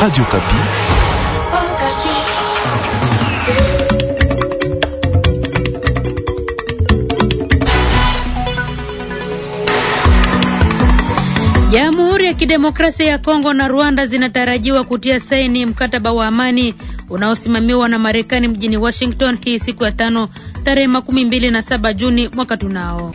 Radio Kapi. Jamhuri ya Kidemokrasia ya Kongo na Rwanda zinatarajiwa kutia saini mkataba wa amani unaosimamiwa na Marekani mjini Washington hii siku ya tano tarehe makumi mbili na saba Juni mwaka tunao.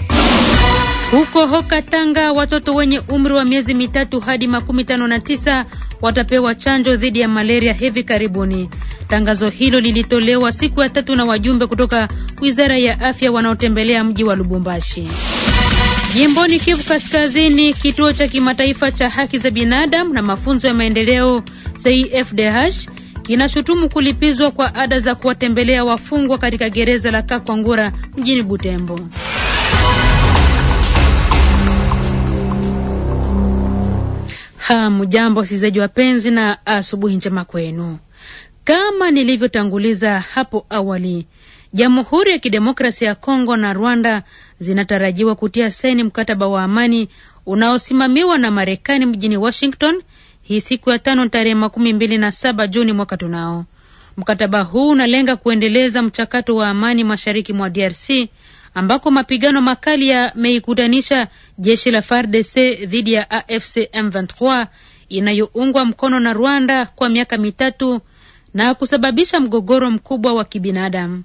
Huko Hoka Tanga, watoto wenye umri wa miezi mitatu hadi makumi tano na tisa watapewa chanjo dhidi ya malaria hivi karibuni. Tangazo hilo lilitolewa siku ya tatu na wajumbe kutoka wizara ya afya wanaotembelea mji wa Lubumbashi. Jimboni Kivu Kaskazini, kituo cha kimataifa cha haki za binadamu na mafunzo ya maendeleo CIFDH kinashutumu kulipizwa kwa ada za kuwatembelea wafungwa katika gereza la Kakwangura mjini Butembo. Hamjambo wasikilizaji wapenzi, na asubuhi njema kwenu. Kama nilivyotanguliza hapo awali, Jamhuri ya Kidemokrasia ya Kongo na Rwanda zinatarajiwa kutia saini mkataba wa amani unaosimamiwa na Marekani mjini Washington hii siku ya tano tarehe makumi mbili na saba Juni mwaka tunao. Mkataba huu unalenga kuendeleza mchakato wa amani mashariki mwa DRC ambako mapigano makali yameikutanisha jeshi la FARDC dhidi ya AFC M23 inayoungwa mkono na Rwanda kwa miaka mitatu na kusababisha mgogoro mkubwa wa kibinadamu.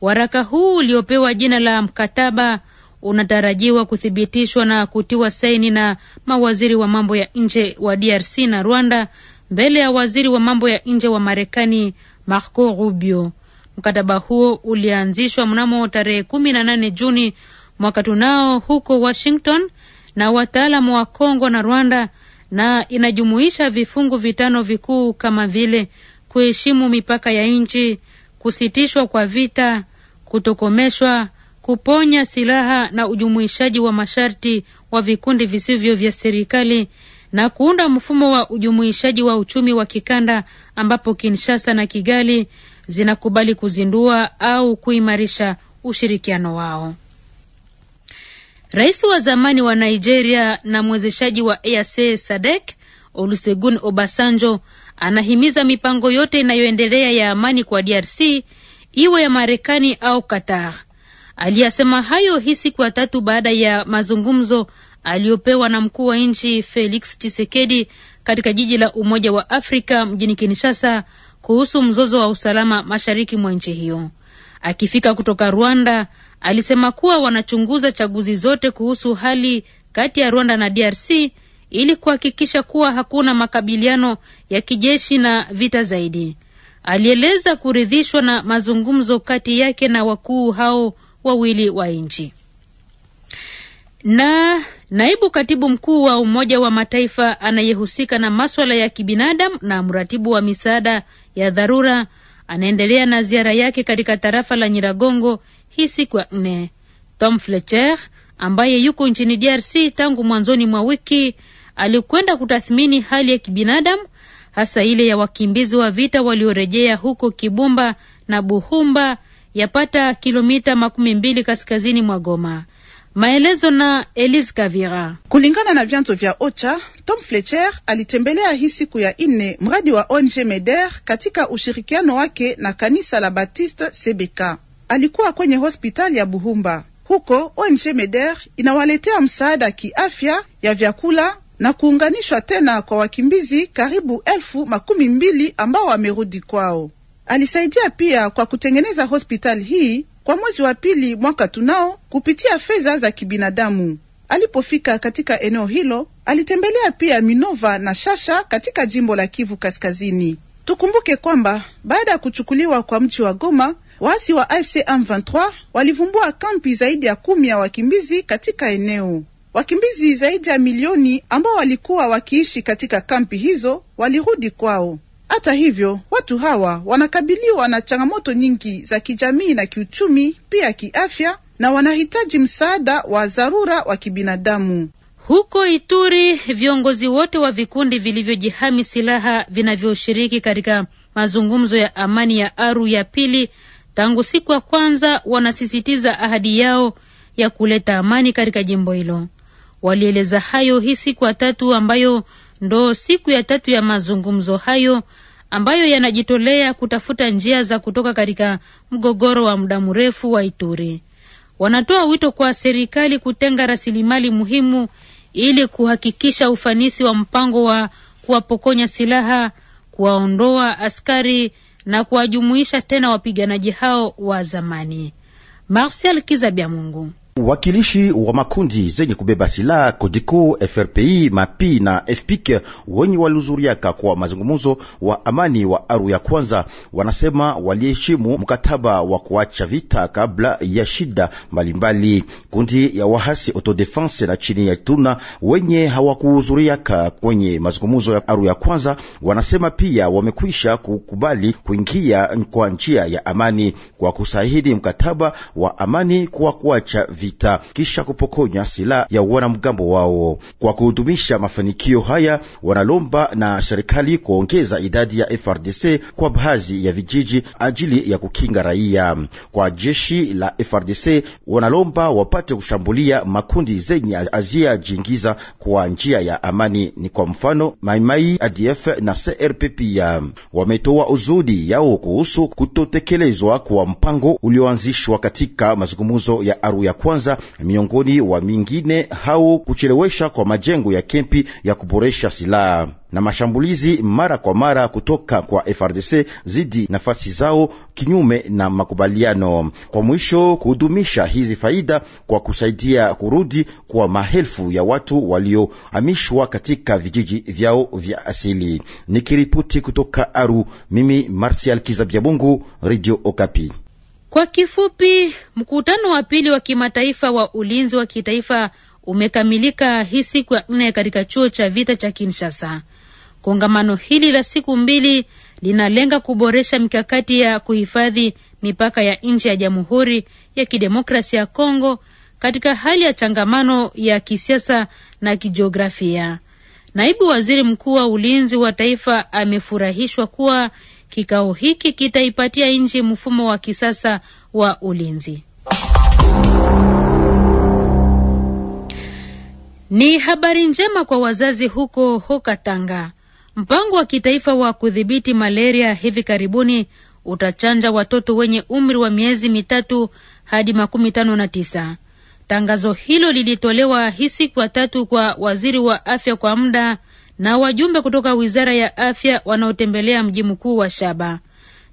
Waraka huu uliopewa jina la mkataba unatarajiwa kuthibitishwa na kutiwa saini na mawaziri wa mambo ya nje wa DRC na Rwanda mbele ya waziri wa mambo ya nje wa Marekani Marco Rubio. Mkataba huo ulianzishwa mnamo tarehe kumi na nane Juni mwaka tunao huko Washington na wataalamu wa Kongo na Rwanda na inajumuisha vifungu vitano vikuu kama vile kuheshimu mipaka ya nchi, kusitishwa kwa vita, kutokomeshwa, kuponya silaha na ujumuishaji wa masharti wa vikundi visivyo vya serikali na kuunda mfumo wa ujumuishaji wa uchumi wa kikanda ambapo Kinshasa na Kigali zinakubali kuzindua au kuimarisha ushirikiano wao. Rais wa zamani wa Nigeria na mwezeshaji wa EAC SADC Olusegun Obasanjo anahimiza mipango yote inayoendelea ya amani kwa DRC iwe ya Marekani au Qatar. Aliyasema hayo hii siku ya tatu baada ya mazungumzo aliyopewa na mkuu wa nchi Felix Tshisekedi katika jiji la Umoja wa Afrika mjini Kinshasa kuhusu mzozo wa usalama mashariki mwa nchi hiyo. Akifika kutoka Rwanda, alisema kuwa wanachunguza chaguzi zote kuhusu hali kati ya Rwanda na DRC ili kuhakikisha kuwa hakuna makabiliano ya kijeshi na vita zaidi. Alieleza kuridhishwa na mazungumzo kati yake na wakuu hao wawili wa nchi. Na naibu katibu mkuu wa Umoja wa Mataifa anayehusika na maswala ya kibinadamu na mratibu wa misaada ya dharura anaendelea na ziara yake katika tarafa la Nyiragongo hii siku ya nne. Tom Fletcher ambaye yuko nchini DRC tangu mwanzoni mwa wiki alikwenda kutathmini hali ya kibinadamu hasa ile ya wakimbizi wa vita waliorejea huko Kibumba na Buhumba yapata kilomita makumi mbili kaskazini mwa Goma. Maelezo na Elise Kavira. Kulingana na vyanzo vya OCHA, Tom Fletcher alitembelea hii siku ya nne mradi wa ONG Meder katika ushirikiano wake na kanisa la Baptiste Sebeka. Alikuwa kwenye hospitali ya Buhumba. Huko ONG Meder inawaletea msaada kiafya ya vyakula na kuunganishwa tena kwa wakimbizi karibu elfu makumi mbili ambao wamerudi kwao. Alisaidia pia kwa kutengeneza hospitali hii kwa mwezi wa pili mwaka tunao kupitia fedha za kibinadamu. Alipofika katika eneo hilo, alitembelea pia Minova na Shasha katika jimbo la Kivu Kaskazini. Tukumbuke kwamba baada ya kuchukuliwa kwa mji wa Goma, waasi wa AFC M23 walivumbua kampi zaidi ya kumi ya wakimbizi katika eneo. Wakimbizi zaidi ya milioni ambao walikuwa wakiishi katika kampi hizo walirudi kwao. Hata hivyo, watu hawa wanakabiliwa na changamoto nyingi za kijamii na kiuchumi, pia kiafya, na wanahitaji msaada wa dharura wa kibinadamu. Huko Ituri, viongozi wote wa vikundi vilivyojihami silaha vinavyoshiriki katika mazungumzo ya amani ya Aru ya pili tangu siku ya kwanza wanasisitiza ahadi yao ya kuleta amani katika jimbo hilo. Walieleza hayo hii siku ya tatu ambayo ndo siku ya tatu ya mazungumzo hayo ambayo yanajitolea kutafuta njia za kutoka katika mgogoro wa muda mrefu wa Ituri. Wanatoa wito kwa serikali kutenga rasilimali muhimu ili kuhakikisha ufanisi wa mpango wa kuwapokonya silaha, kuwaondoa askari na kuwajumuisha tena wapiganaji hao wa zamani. Marcel Kizabiamungu Mungu Wakilishi wa makundi zenye kubeba silaha Kodiko, FRPI, MAPI na FPIC wenye walihudhuriaka kwa mazungumzo wa amani wa Aru ya kwanza wanasema waliheshimu mkataba wa kuacha vita kabla ya shida mbalimbali. Kundi ya wahasi autodefense na chini ya tuna wenye hawakuhudhuriaka kwenye mazungumzo ya Aru ya kwanza wanasema pia wamekwisha kukubali kuingia kwa njia ya amani kwa kusahidi mkataba wa amani kwa kuacha vita vita kisha kupokonya silaha ya wanamgambo wao. Kwa kuhudumisha mafanikio haya, wanalomba na serikali kuongeza idadi ya FRDC kwa baadhi ya vijiji ajili ya kukinga raia. Kwa jeshi la FRDC wanalomba wapate kushambulia makundi zenye azia jingiza kwa njia ya amani, ni kwa mfano Maimai, ADF na CRP. Pia wametoa uzudi yao kuhusu kutotekelezwa kwa mpango ulioanzishwa katika mazungumzo ya Aru ya kwanza kwanza miongoni wa mingine hao kuchelewesha kwa majengo ya kempi ya kuboresha silaha na mashambulizi mara kwa mara kutoka kwa FRDC zidi nafasi zao kinyume na makubaliano. Kwa mwisho kuhudumisha hizi faida kwa kusaidia kurudi kwa maelfu ya watu waliohamishwa katika vijiji vyao vya asili. Nikiripoti kutoka Aru, mimi Martial Kizabya Radio Okapi. Kwa kifupi, mkutano wa pili wa kimataifa wa ulinzi wa kitaifa umekamilika hii siku ya nne katika chuo cha vita cha Kinshasa. Kongamano hili la siku mbili linalenga kuboresha mikakati ya kuhifadhi mipaka ya nchi ya Jamhuri ya Kidemokrasia ya Kongo katika hali ya changamano ya kisiasa na kijiografia. Naibu Waziri Mkuu wa Ulinzi wa Taifa amefurahishwa kuwa Kikao hiki kitaipatia nchi mfumo wa kisasa wa ulinzi. Ni habari njema kwa wazazi huko Hokatanga. Mpango wa kitaifa wa kudhibiti malaria hivi karibuni utachanja watoto wenye umri wa miezi mitatu hadi makumi tano na tisa. Tangazo hilo lilitolewa hii siku ya tatu kwa waziri wa afya kwa muda na wajumbe kutoka wizara ya afya wanaotembelea mji mkuu wa Shaba.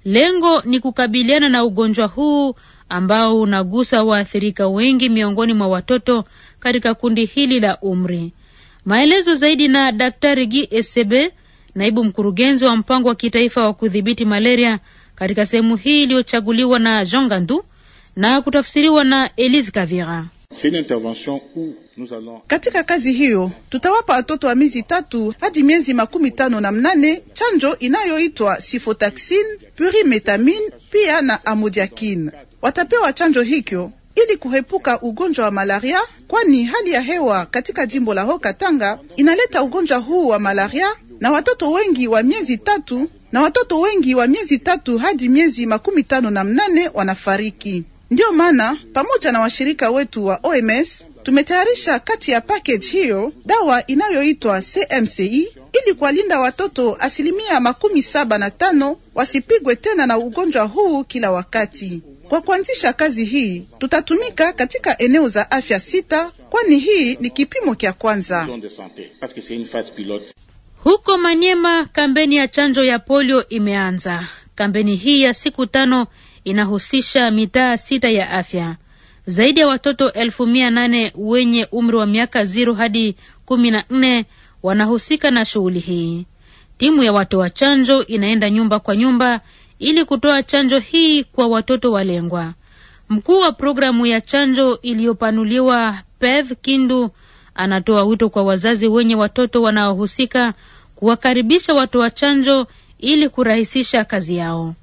Lengo ni kukabiliana na ugonjwa huu ambao unagusa waathirika wengi miongoni mwa watoto katika kundi hili la umri. Maelezo zaidi na Daktari Gi Esebe, naibu mkurugenzi wa mpango wa kitaifa wa kudhibiti malaria katika sehemu hii iliyochaguliwa na Jean Gandu na kutafsiriwa na Elise Kavira. Katika kazi hiyo tutawapa watoto wa miezi tatu hadi miezi makumi tano na mnane chanjo inayoitwa sifotaxin, purimetamin pia na amodiakin Watapewa chanjo hikyo ili kuhepuka ugonjwa wa malaria, kwani hali ya hewa katika jimbo la Hoka Tanga inaleta ugonjwa huu wa malaria na watoto wengi wa miezi tatu na watoto wengi wa miezi tatu hadi miezi makumi tano na mnane wanafariki. Ndiyo maana pamoja na washirika wetu wa OMS Tumetayarisha kati ya package hiyo dawa inayoitwa CMCI e ili kuwalinda watoto asilimia makumi saba na tano wasipigwe tena na ugonjwa huu kila wakati. Kwa kuanzisha kazi hii, tutatumika katika eneo za afya sita, kwani hii ni kipimo cha kwanza. Huko Manyema, kampeni ya chanjo ya polio imeanza. Kampeni hii ya siku tano inahusisha mitaa sita ya afya. Zaidi ya watoto elfu mia nane wenye umri wa miaka ziro hadi kumi na nne wanahusika na shughuli hii. Timu ya watoa chanjo inaenda nyumba kwa nyumba ili kutoa chanjo hii kwa watoto walengwa. Mkuu wa programu ya chanjo iliyopanuliwa PEV Kindu anatoa wito kwa wazazi wenye watoto wanaohusika kuwakaribisha watoa chanjo ili kurahisisha kazi yao.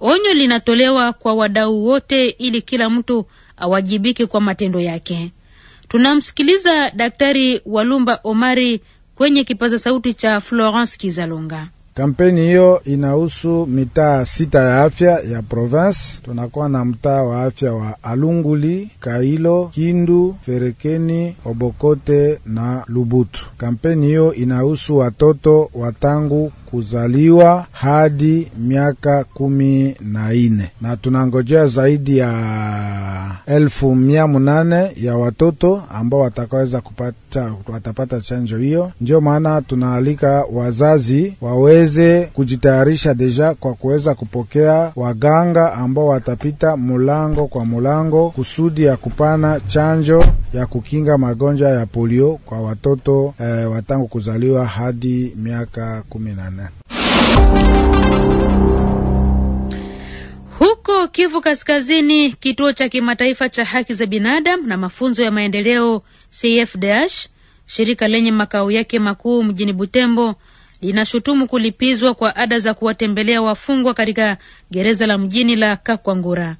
Onyo linatolewa kwa wadau wote ili kila mtu awajibike kwa matendo yake. Tunamsikiliza Daktari Walumba Omari kwenye kipaza sauti cha Florence Kizalunga. Kampeni hiyo inahusu mitaa sita ya afya ya province. Tunakuwa na mtaa wa afya wa Alunguli, Kailo, Kindu, Ferekeni, Obokote na Lubutu. Kampeni hiyo inahusu watoto wa tangu kuzaliwa hadi miaka kumi na ine na tunangojea zaidi ya elfu mia munane ya watoto ambao watakaweza kupata watapata chanjo hiyo. Ndio maana tunaalika wazazi wawe waweze kujitayarisha deja kwa kuweza kupokea waganga ambao watapita mulango kwa mulango kusudi ya kupana chanjo ya kukinga magonjwa ya polio kwa watoto eh, watangu kuzaliwa hadi miaka kumi na nne. Huko Kivu Kaskazini, kituo cha kimataifa cha haki za binadamu na mafunzo ya maendeleo CFDH, shirika lenye makao yake makuu mjini Butembo linashutumu kulipizwa kwa ada za kuwatembelea wafungwa katika gereza la mjini la Kakwangura.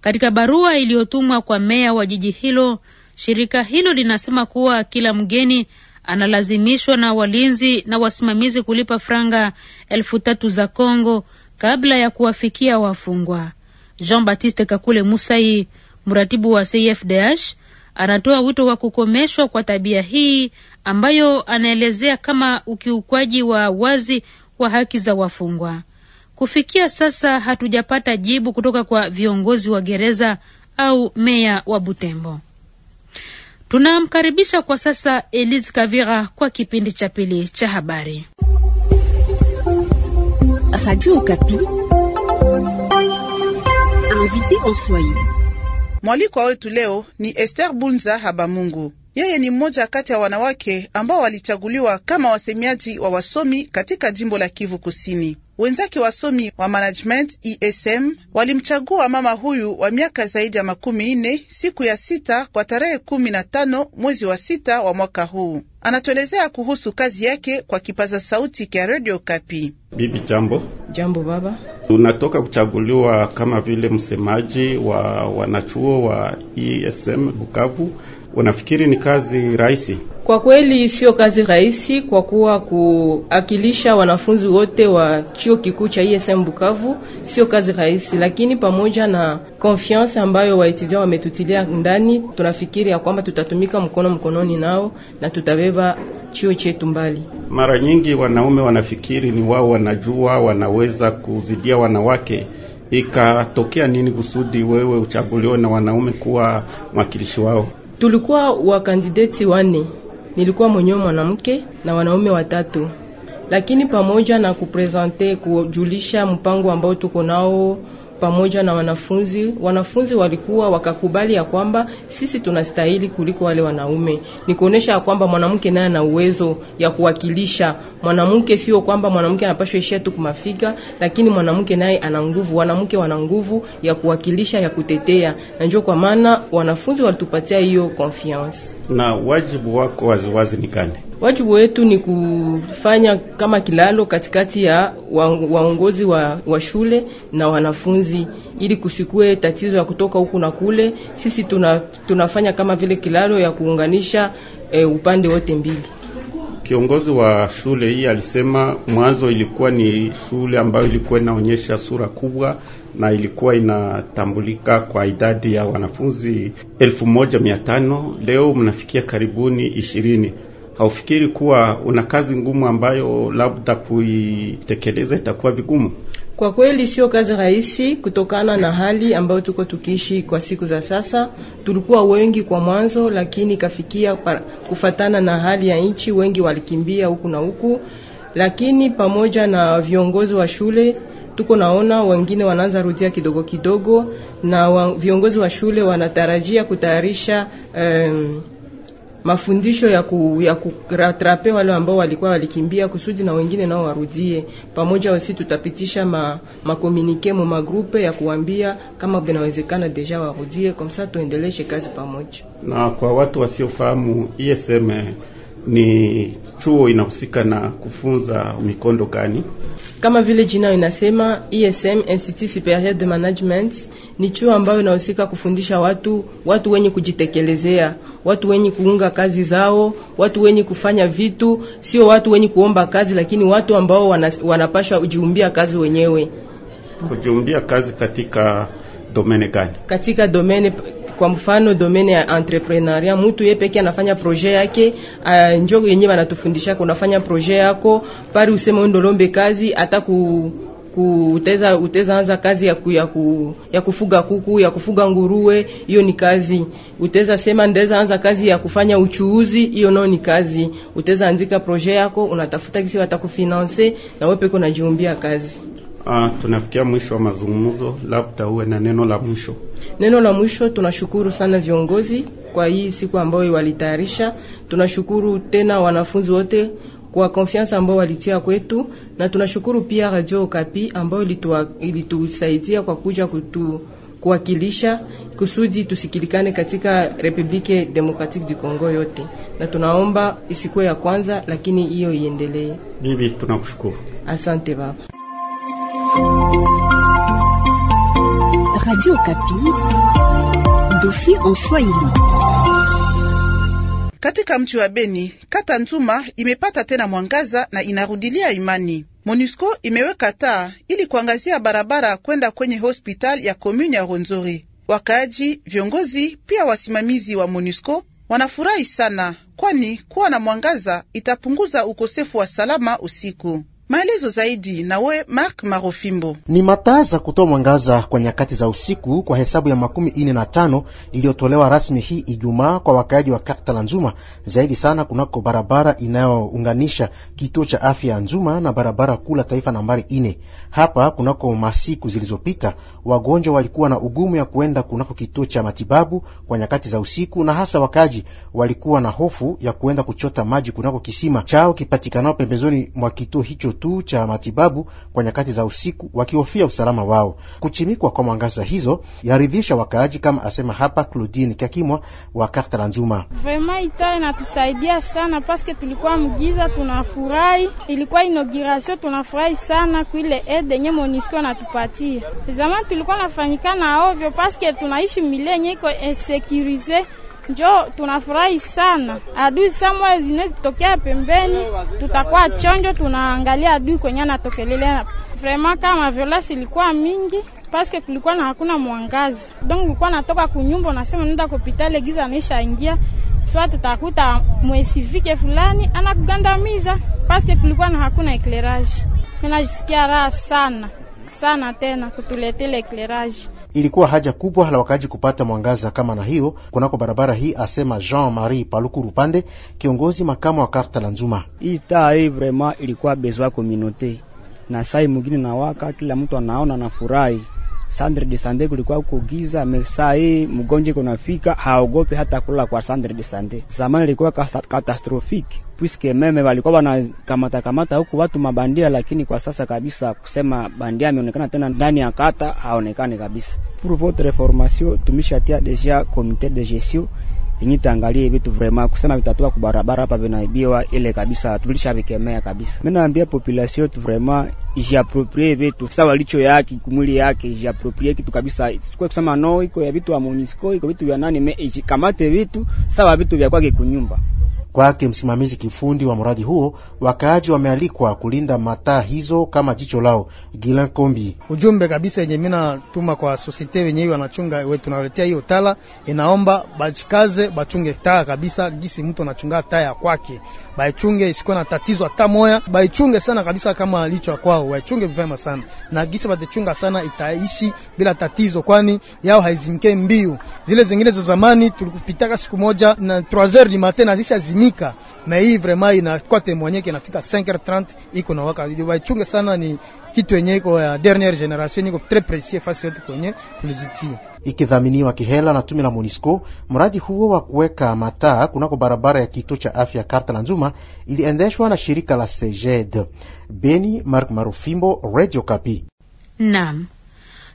Katika barua iliyotumwa kwa meya wa jiji hilo, shirika hilo linasema kuwa kila mgeni analazimishwa na walinzi na wasimamizi kulipa franga elfu tatu za Congo kabla ya kuwafikia wafungwa. Jean Baptiste Kakule Musai, mratibu wa CFDH anatoa wito wa kukomeshwa kwa tabia hii ambayo anaelezea kama ukiukwaji wa wazi wa haki za wafungwa. Kufikia sasa hatujapata jibu kutoka kwa viongozi wa gereza au meya wa Butembo. Tunamkaribisha kwa sasa Elise Kavira kwa kipindi cha pili cha habari. Radio Okapi invité en Swahili. Mwalikwa wetu leo ni Esther Bulnza Habamungu. Yeye ni mmoja kati ya wanawake ambao walichaguliwa kama wasemaji wa wasomi katika jimbo la Kivu Kusini. Wenzake wasomi wa management ESM walimchagua mama huyu wa miaka zaidi ya makumi nne siku ya sita kwa tarehe kumi na tano mwezi wa sita wa mwaka huu. Anatuelezea kuhusu kazi yake kwa kipaza sauti kya Radio Kapi. Bibi, jambo. Jambo baba. Tunatoka kuchaguliwa kama vile msemaji wa wanachuo wa ESM Bukavu Unafikiri ni kazi rahisi? Kwa kweli sio kazi rahisi, kwa kuwa kuakilisha wanafunzi wote wa chuo kikuu cha ISM e Bukavu sio kazi rahisi, lakini pamoja na confiance ambayo waetudia wametutilia ndani, tunafikiri ya kwamba tutatumika mkono mkononi nao na tutabeba chuo chetu mbali. Mara nyingi wanaume wanafikiri ni wao wanajua, wanaweza kuzidia wanawake. Ikatokea nini kusudi wewe uchaguliwe na wanaume kuwa mwakilishi wao? Tulikuwa wakandideti wane, nilikuwa mwenyewe mwanamke na wanaume watatu, lakini pamoja na kuprezante kujulisha mpango ambao tuko nao pamoja na wanafunzi. Wanafunzi walikuwa wakakubali ya kwamba sisi tunastahili kuliko wale wanaume, ni kuonesha ya kwamba mwanamke naye ana uwezo ya kuwakilisha mwanamke. Sio kwamba mwanamke anapashwa ishia tu kumafika, lakini mwanamke naye ana nguvu, wanamke wana nguvu ya kuwakilisha, ya kutetea, na ndio kwa maana wanafunzi walitupatia hiyo confiance. Na wajibu wako waziwazi ni gani? Wajibu wetu ni kufanya kama kilalo katikati ya waongozi wa, wa shule na wanafunzi, ili kusikue tatizo ya kutoka huku na kule. Sisi tuna, tunafanya kama vile kilalo ya kuunganisha e, upande wote mbili. Kiongozi wa shule hii alisema mwanzo ilikuwa ni shule ambayo ilikuwa inaonyesha sura kubwa na ilikuwa inatambulika kwa idadi ya wanafunzi elfu moja mia tano. Leo mnafikia karibuni ishirini haufikiri kuwa una kazi ngumu ambayo labda kuitekeleza itakuwa vigumu? Kwa kweli sio kazi rahisi, kutokana na hali ambayo tuko tukiishi kwa siku za sasa. Tulikuwa wengi kwa mwanzo, lakini kafikia kufatana na hali ya nchi, wengi walikimbia huku na huku, lakini pamoja na viongozi wa shule tuko naona wengine wanaanza rudia kidogo kidogo, na wa, viongozi wa shule wanatarajia kutayarisha um, mafundisho ya, ku, ya kuratrape wale ambao walikuwa walikimbia kusudi na wengine nao warudie pamoja. Wasi tutapitisha ma, makomunike mu magrupe ya kuambia kama binawezekana deja warudie komsa, tuendeleshe kazi pamoja. Na kwa watu wasiofahamu ISM ni chuo inahusika na kufunza mikondo gani? Kama vile jina inasema ISM, Institut Superieur de Management, ni chuo ambayo inahusika kufundisha watu watu wenye kujitekelezea watu wenye kuunga kazi zao, watu wenye kufanya vitu, sio watu wenye kuomba kazi, lakini watu ambao wanapashwa kujiumbia kazi wenyewe. Kujiumbia kazi katika domene gani? Katika domene kwa mfano domene ya entrepreneuria, mtu yeye pekee anafanya proje yake. Uh, njoo yenyewe anatufundisha kunafanya proje yako pari useme ndolombe kazi ataku kuteza uteza anza kazi ya, ku, ya, ku, ya kufuga kuku ya kufuga nguruwe, hiyo ni kazi. Uteza sema ndeza anza kazi ya kufanya uchuuzi, hiyo nao ni kazi. Uteza anzika proje yako, unatafuta kisi watakufinance na wewe peko unajiumbia kazi. Ah, tunafikia mwisho wa mazungumzo, labda uwe na neno la mwisho. Neno la mwisho, tunashukuru sana viongozi kwa hii siku ambayo walitayarisha. Tunashukuru tena wanafunzi wote kwa konfiansa ambao walitia kwetu, na tunashukuru pia Radio Okapi ambayo ilitusaidia kwa kuja kutu kuwakilisha kusudi tusikilikane katika Republique Democratique du Congo yote, na tunaomba isikuwe ya kwanza, lakini hiyo iendelee. Bibi, tunakushukuru, asante baba. Radio Kapi, dossier en Swahili. Katika mji wa Beni, kata Nzuma imepata tena mwangaza na inarudilia imani. MONUSCO imeweka taa ili kuangazia barabara kwenda kwenye hospitali ya komune ya Ronzori. Wakaaji, viongozi pia wasimamizi wa MONUSCO wanafurahi sana, kwani kuwa na mwangaza itapunguza ukosefu wa salama usiku. Maelezo zaidi nawe Mark Marofimbo. Ni mataa za kutoa mwangaza kwa nyakati za usiku kwa hesabu ya makumi ine na tano iliyotolewa rasmi hii Ijumaa kwa wakaaji wa karta la Nzuma, zaidi sana kunako barabara inayounganisha kituo cha afya ya Nzuma na barabara kuu la taifa nambari ine. Hapa kunako masiku zilizopita, wagonjwa walikuwa na ugumu ya kuenda kunako kituo cha matibabu kwa nyakati za usiku, na hasa wakaaji walikuwa na hofu ya kuenda kuchota maji kunako kisima chao kipatikanao pembezoni mwa kituo hicho tu cha matibabu kwa nyakati za usiku, wakihofia usalama wao. Kuchimikwa kwa mwangaza hizo yaridhisha wakaaji, kama asema hapa Claudine Kakimwa wa karta la Nzuma. Vrema itale natusaidia sana paske tulikuwa mgiza, tunafurahi. Ilikuwa inogirasio, tunafurahi sana kuile ede nye Monisco natupatia. Zamani tulikuwa nafanyikana ovyo paske tunaishi milenye iko insekurize njo tunafurahi sana. Adui samwe zinezitokea pembeni, tutakuwa chonjo, tunaangalia adui kwenye anatokelelea vrema. Kama violasi ilikuwa mingi paske kulikuwa na hakuna mwangazi, donc ulikuwa natoka kunyumba unasema nenda kupitale, giza naisha ingia swa tutakuta mwesifike fulani anakugandamiza paske kulikuwa na hakuna eklerage. Ninajisikia raha sana sana tena kutuletea leclerage. Ilikuwa haja kubwa la wakaji kupata mwangaza kama na hiyo kunako barabara hii, asema Jean Marie Paluku Rupande, kiongozi makamu wa karta la Nzuma. Hii taa hii vraiment ilikuwa besoin communauté na sai mwingine na waka, kila mtu anaona na furahi Sandre de Sande kulikuwa huko giza, saa hii kunafika haogopi hata kula kwa Sandre de Sande. Zamani ilikuwa katastrofiki puisque meme walikuwa na kamata huku watu mabandia, lakini kwa sasa kabisa kusema bandia ameonekana tena ndani ya kata haonekani kabisa. Pour votre information, tumishatia deja comité de gestion yenye taangalie vitu vrema kusema vitatoka kubarabara hapa vinaibiwa, ile kabisa tulishavikemea kabisa. Mimi naambia population yetu vrema ijiaproprie vitu sawa walicho yake kumwili yake, ijiaproprie kitu kabisa, sikuwa kusema no iko ya vitu wa munisiko iko vitu vya nani, me ijikamate vitu sawa vitu vya kwake kunyumba Kwake msimamizi kifundi wa mradi huo, wakaaji wamealikwa kulinda mataa hizo kama jicho lao. Gilan Kombi, ujumbe kabisa yenye mina tuma kwa sosiete wenyewe wanachunga we, tunaletea hiyo tala, inaomba bachikaze bachunge taa kabisa, gisi mtu anachunga taa ya kwake baichunge isikuwe na tatizo hata moya, baichunge sana kabisa kama lichwa kwao, waichunge vema sana na gisa batachunga sana, itaishi bila tatizo, kwani yao haizimike mbio. Zile zingine za zamani tulikupitaka siku moja na 3h du matin na zisha zimika, na hii vraiment inakuwa temoigneke inafika 5h30 iko na waka, baichunge sana, ni kitu yenye iko ya dernière génération, iko très précis fasi yote kwenye tulizitia ikidhaminiwa kihela na tumi la Monisco. Mradi huo wa kuweka mataa kunako barabara ya kituo cha afya Karta la Nzuma iliendeshwa na shirika la Seged Beni. Mark Marufimbo, Radio Kapi. Naam,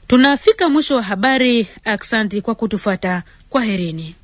tunafika mwisho wa habari. Aksanti kwa kutufuata, kwaherini.